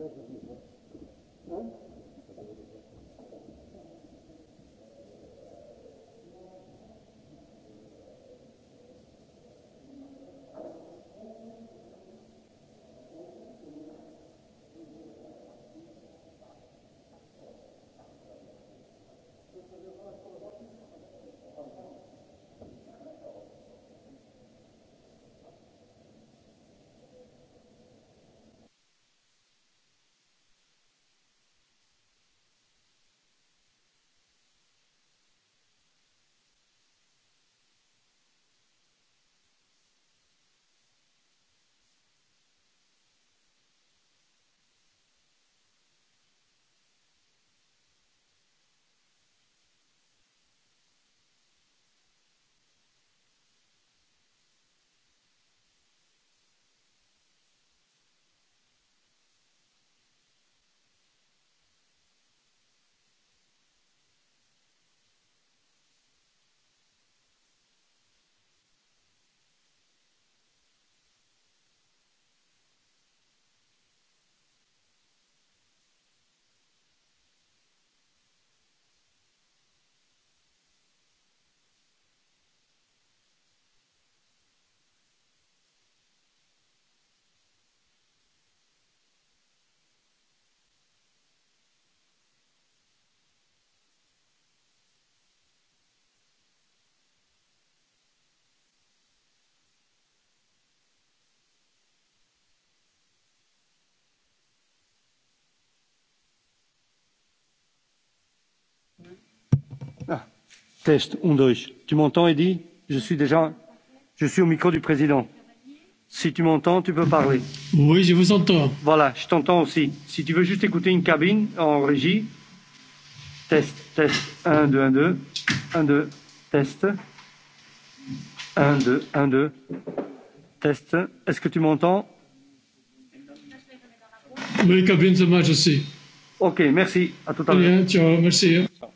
Thank you. Test, un, deux. Tu m'entends, Eddy Je suis déjà... Je suis au micro du président. Si tu m'entends, tu peux parler. Oui, je vous entends. Voilà, je t'entends aussi. Si tu veux juste écouter une cabine en régie, test, test, un deux, un deux, un deux, test, un deux, un deux, test. Est-ce que tu m'entends Oui, cabine, ça marche aussi. Ok, merci. À tout à l'heure. Bien, ciao, merci. Ciao.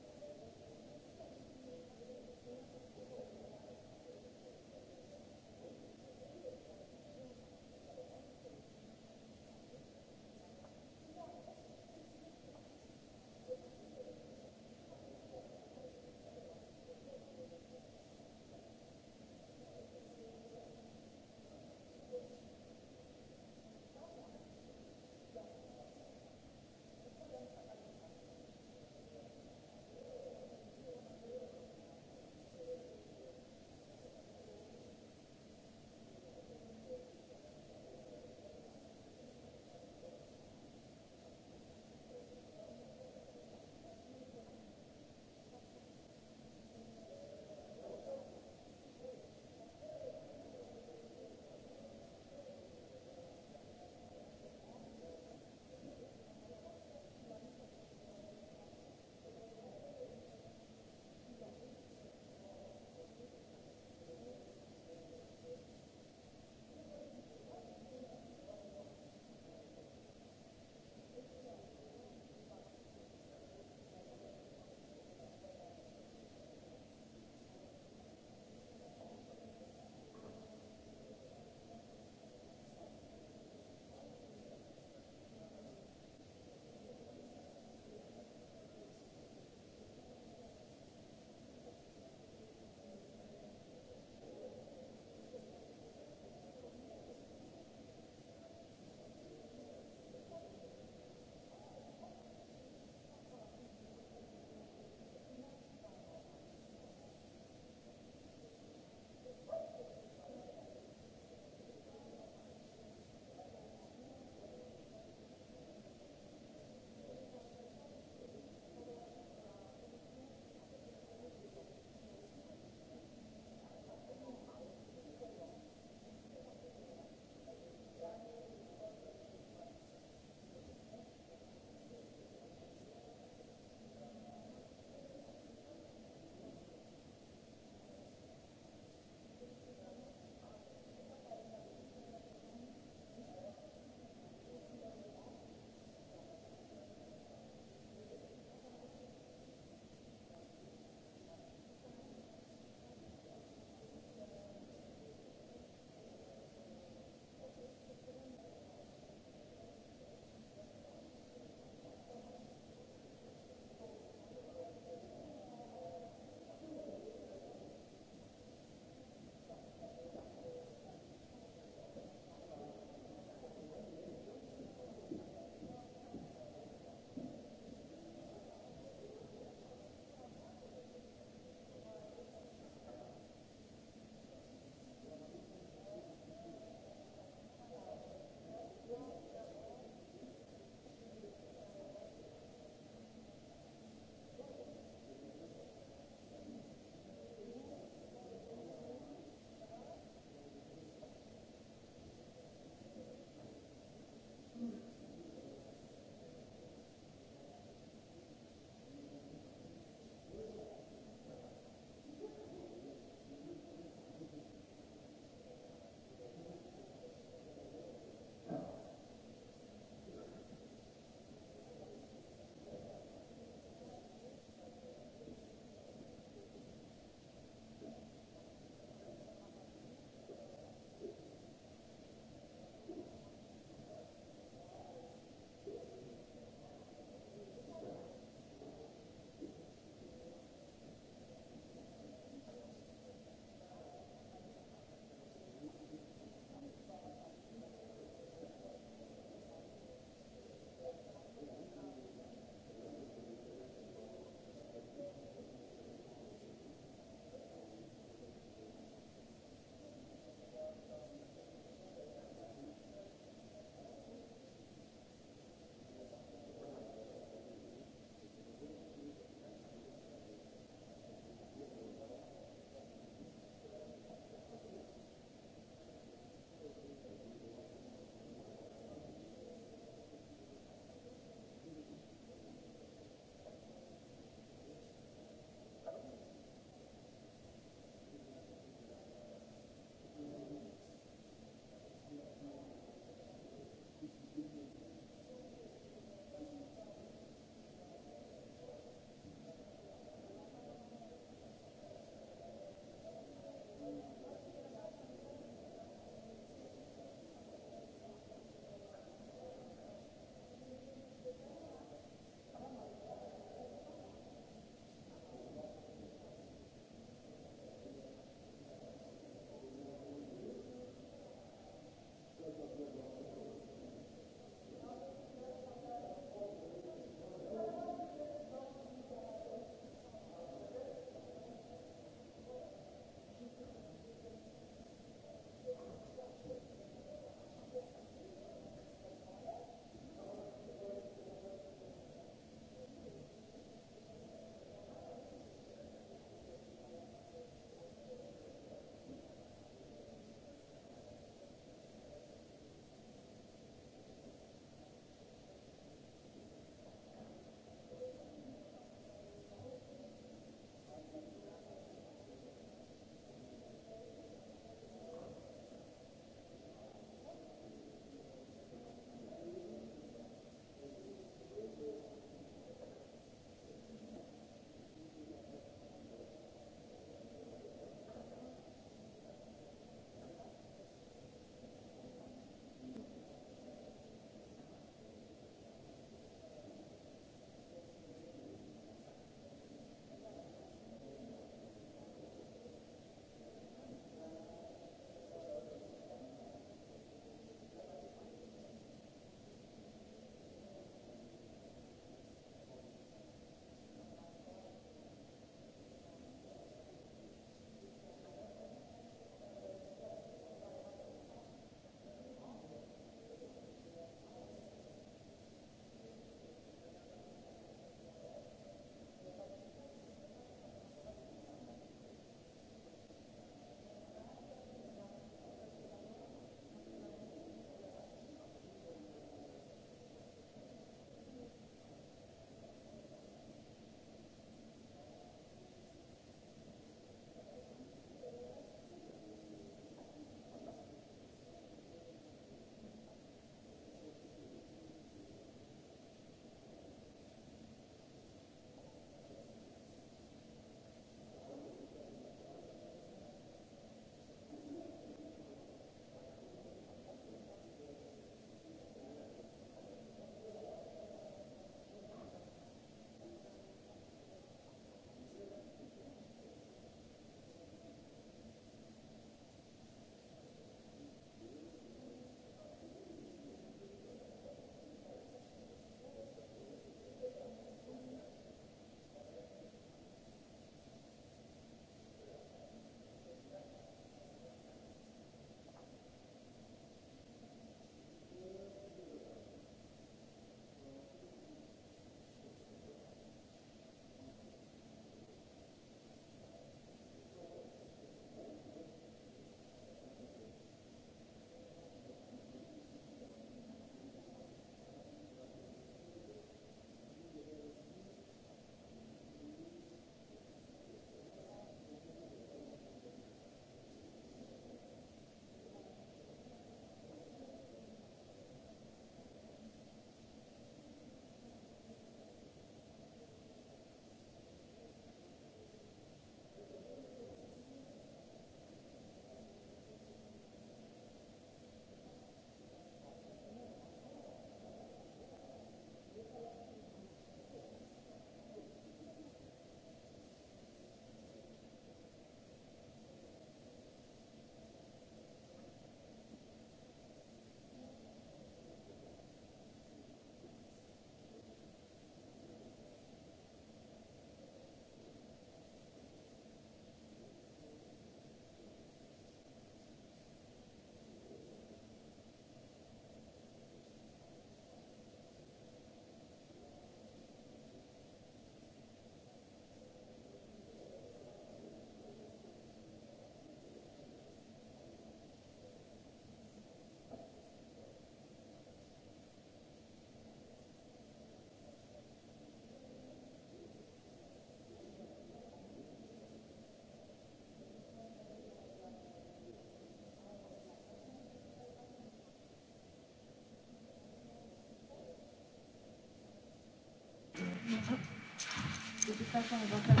Tak to nebo tak.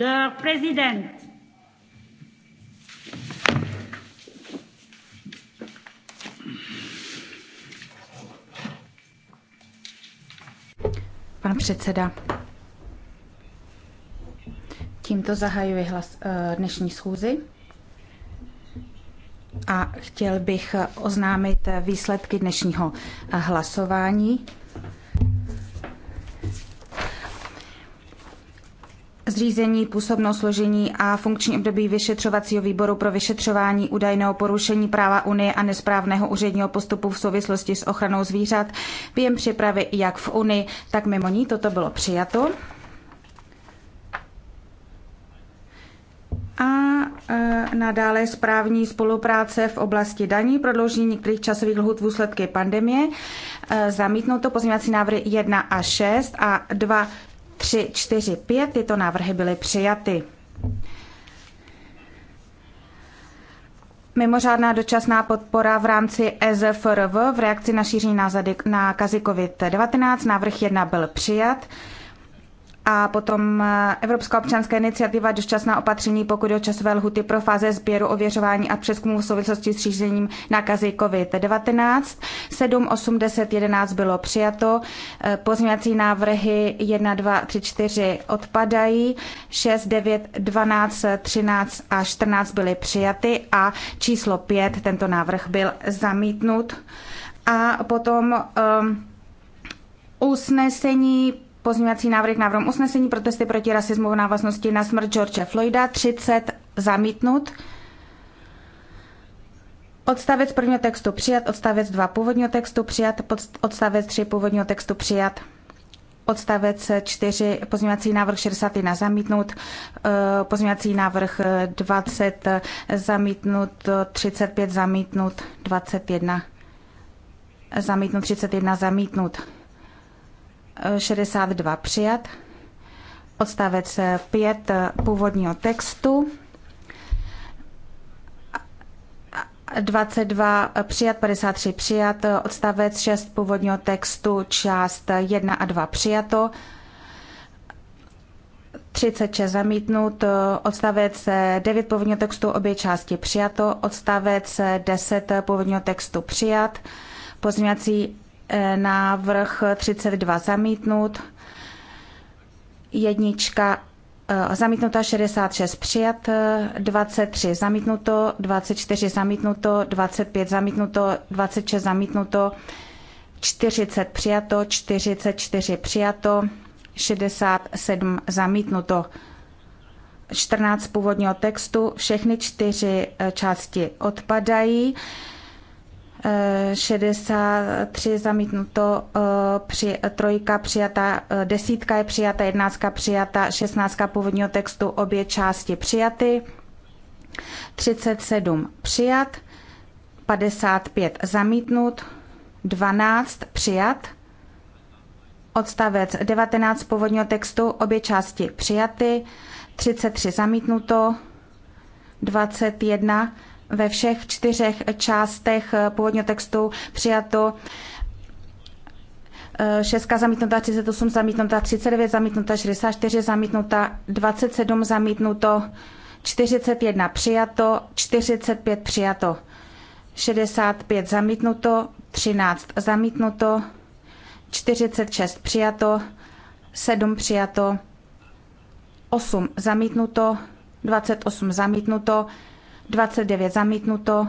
Der Präsident. Pan předseda. Tímto zahajuji hlas, eh, dnešní schůzi a chtěl bych oznámit eh, výsledky dnešního eh, hlasování. zřízení, působnost složení a funkční období vyšetřovacího výboru pro vyšetřování údajného porušení práva Unie a nesprávného úředního postupu v souvislosti s ochranou zvířat během přepravy jak v Unii, tak mimo ní. Toto bylo přijato. a e, nadále správní spolupráce v oblasti daní, prodloužení některých časových lhůt v důsledky pandemie, e, zamítnuto pozměňovací návrhy 1 a 6 a 2, 3, 4, 5 tyto návrhy byly přijaty. Mimořádná dočasná podpora v rámci EZFRV v reakci na šíření nákazy COVID-19. Návrh 1 byl přijat a potom eh, Evropská občanská iniciativa dočasná opatření, pokud o časové lhuty pro fáze sběru, ověřování a přeskumu v souvislosti s řízením nákazy COVID-19. 7, 8, 10, 11 bylo přijato. Eh, pozměňovací návrhy 1, 2, 3, 4 odpadají. 6, 9, 12, 13 a 14 byly přijaty a číslo 5, tento návrh byl zamítnut. A potom um, usnesení pozměňovací návrh návrhem usnesení protesty proti rasismu v návaznosti na smrt George Floyda, 30 zamítnut. Odstavec prvního textu přijat, odstavec 2 původního textu přijat, odstavec 3 původního textu přijat, odstavec 4 pozměňovací návrh 61 zamítnout, eh, pozměňovací návrh 20 zamítnut, 35 zamítnut, 21 zamítnout, 31 zamítnut. 62 přijat. Odstavec 5 původního textu. 22 přijat, 53 přijat, odstavec 6 původního textu, část 1 a 2 přijato, 36 zamítnut, odstavec 9 původního textu, obě části přijato, odstavec 10 původního textu přijat, pozměňovací návrh 32 zamítnut, jednička eh, zamítnuta 66 přijat, 23 zamítnuto, 24 zamítnuto, 25 zamítnuto, 26 zamítnuto, 40 přijato, 44 přijato, 67 zamítnuto. 14 původního textu, všechny čtyři eh, části odpadají. 63 zamítnuto, eh, při, trojka přijata, eh, desítka je přijata, jednáctka přijata, šestnáctka původního textu, obě části přijaty, 37 přijat, 55 zamítnut, 12 přijat, odstavec 19 původního textu, obě části přijaty, 33 zamítnuto, 21 ve všech čtyřech částech původního textu přijato 6 zamítnuta, 38 zamítnuta, 39 zamítnuta, 64 zamítnuta, 27 zamítnuto, 41 přijato, 45 přijato, 65 zamítnuto, 13 zamítnuto, 46 přijato, 7 přijato, 8 zamítnuto, 28 zamítnuto, 29 zamítnuto,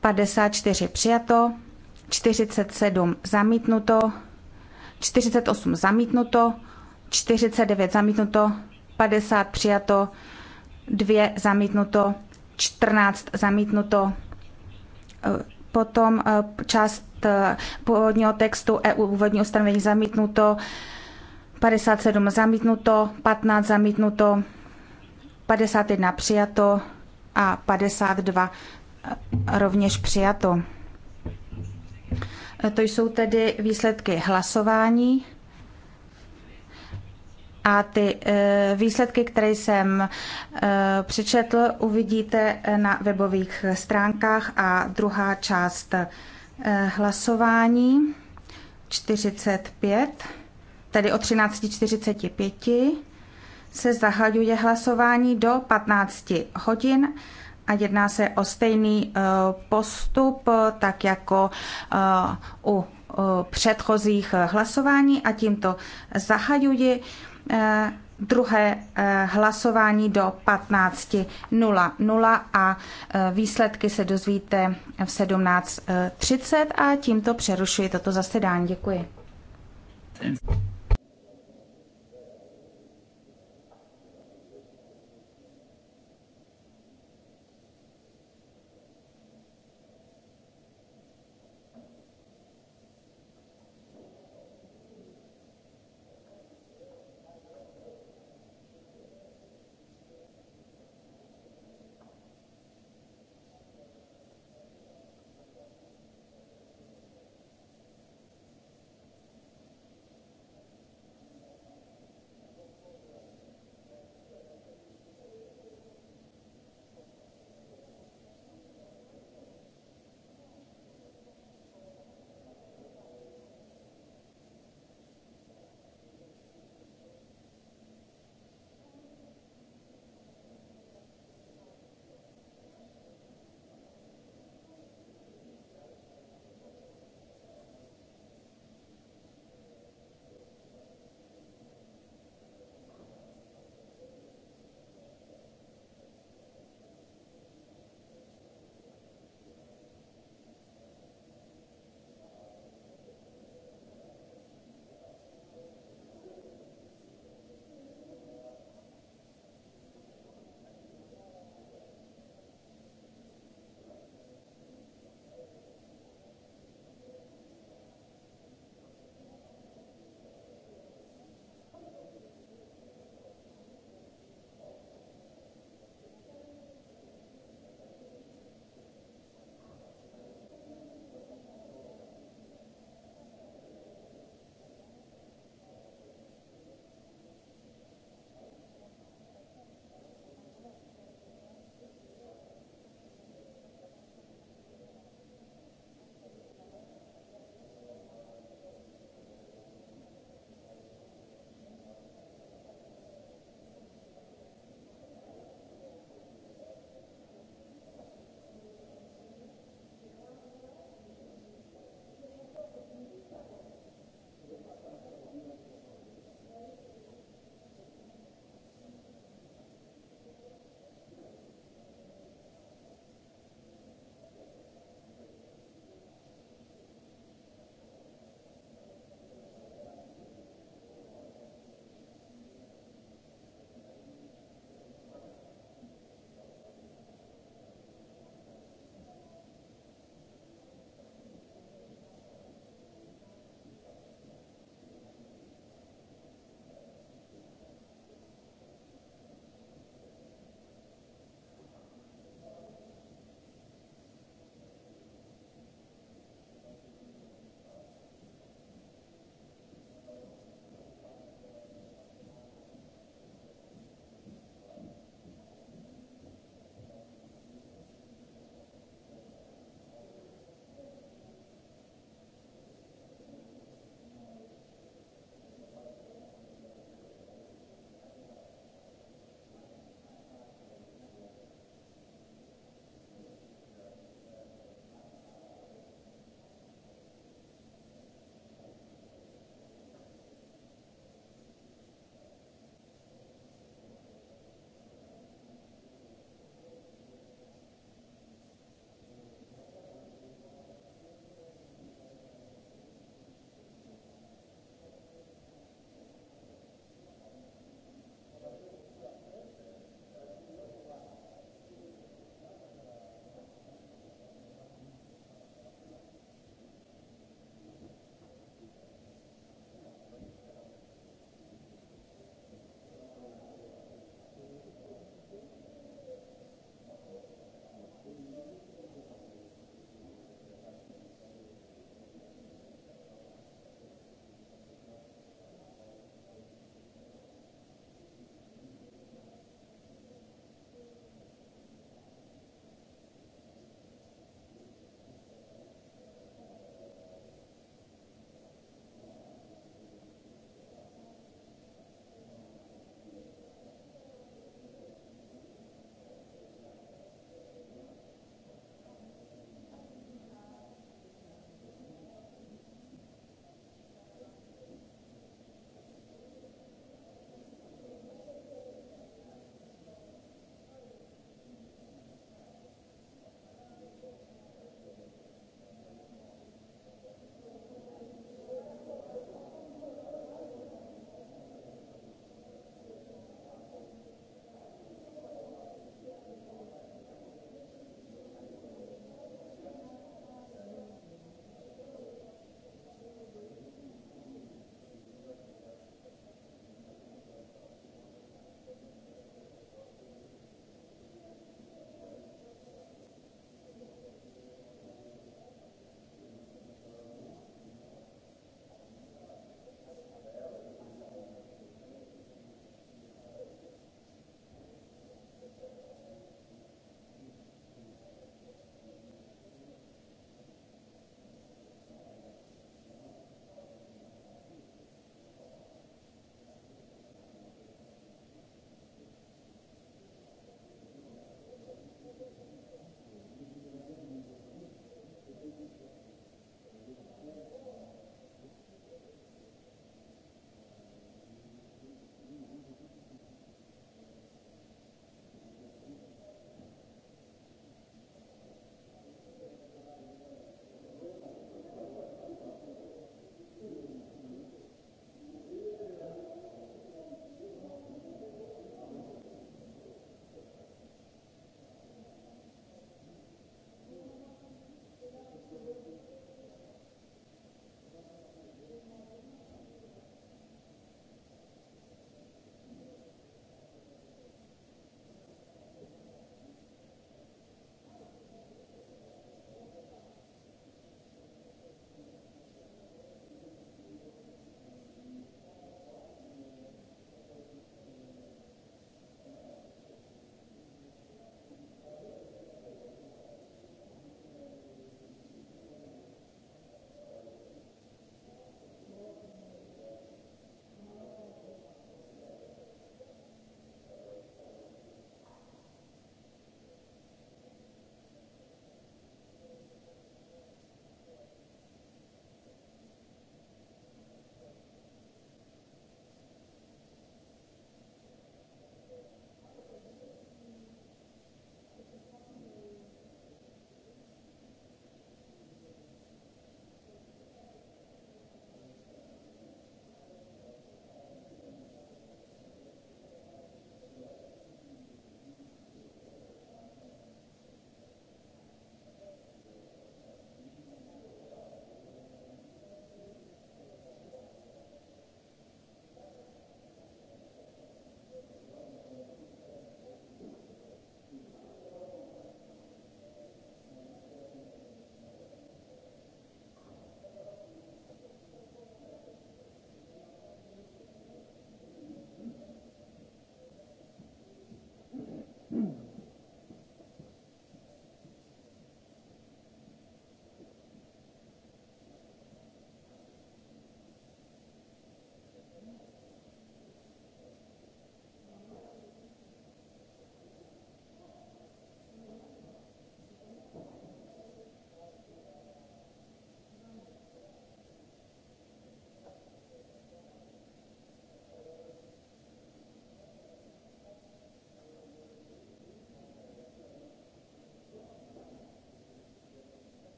54 přijato, 47 zamítnuto, 48 zamítnuto, 49 zamítnuto, 50 přijato, 2 zamítnuto, 14 zamítnuto. Potom eh, část eh, původního textu EU úvodní ustanovení zamítnuto, 57 zamítnuto, 15 zamítnuto, 51 přijato, a 52 eh, rovněž přijato. Eh, to jsou tedy výsledky hlasování a ty eh, výsledky, které jsem přečetl, uvidíte na webových stránkách a druhá část hlasování 45, tedy o 13.45 se zahajuje hlasování do 15 hodin a jedná se o stejný e, postup, tak jako e, u e, předchozích hlasování a tímto zahajuji druhé hlasování do 15.00 a výsledky se dozvíte v 17.30 a tímto přerušuji toto zasedání. Děkuji.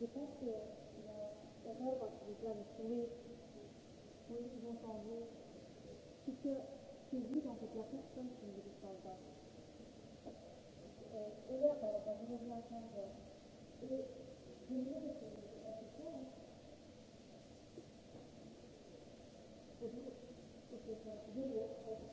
dépense la mère quand il est là, oui, oui, j'entends C'est que c'est vous, en fait, la personne qui ne vous parle pas. Et là, quand je reviens à 15 heures, et je me dis que c'est pas tout ça, hein. Et vous, c'est que c'est un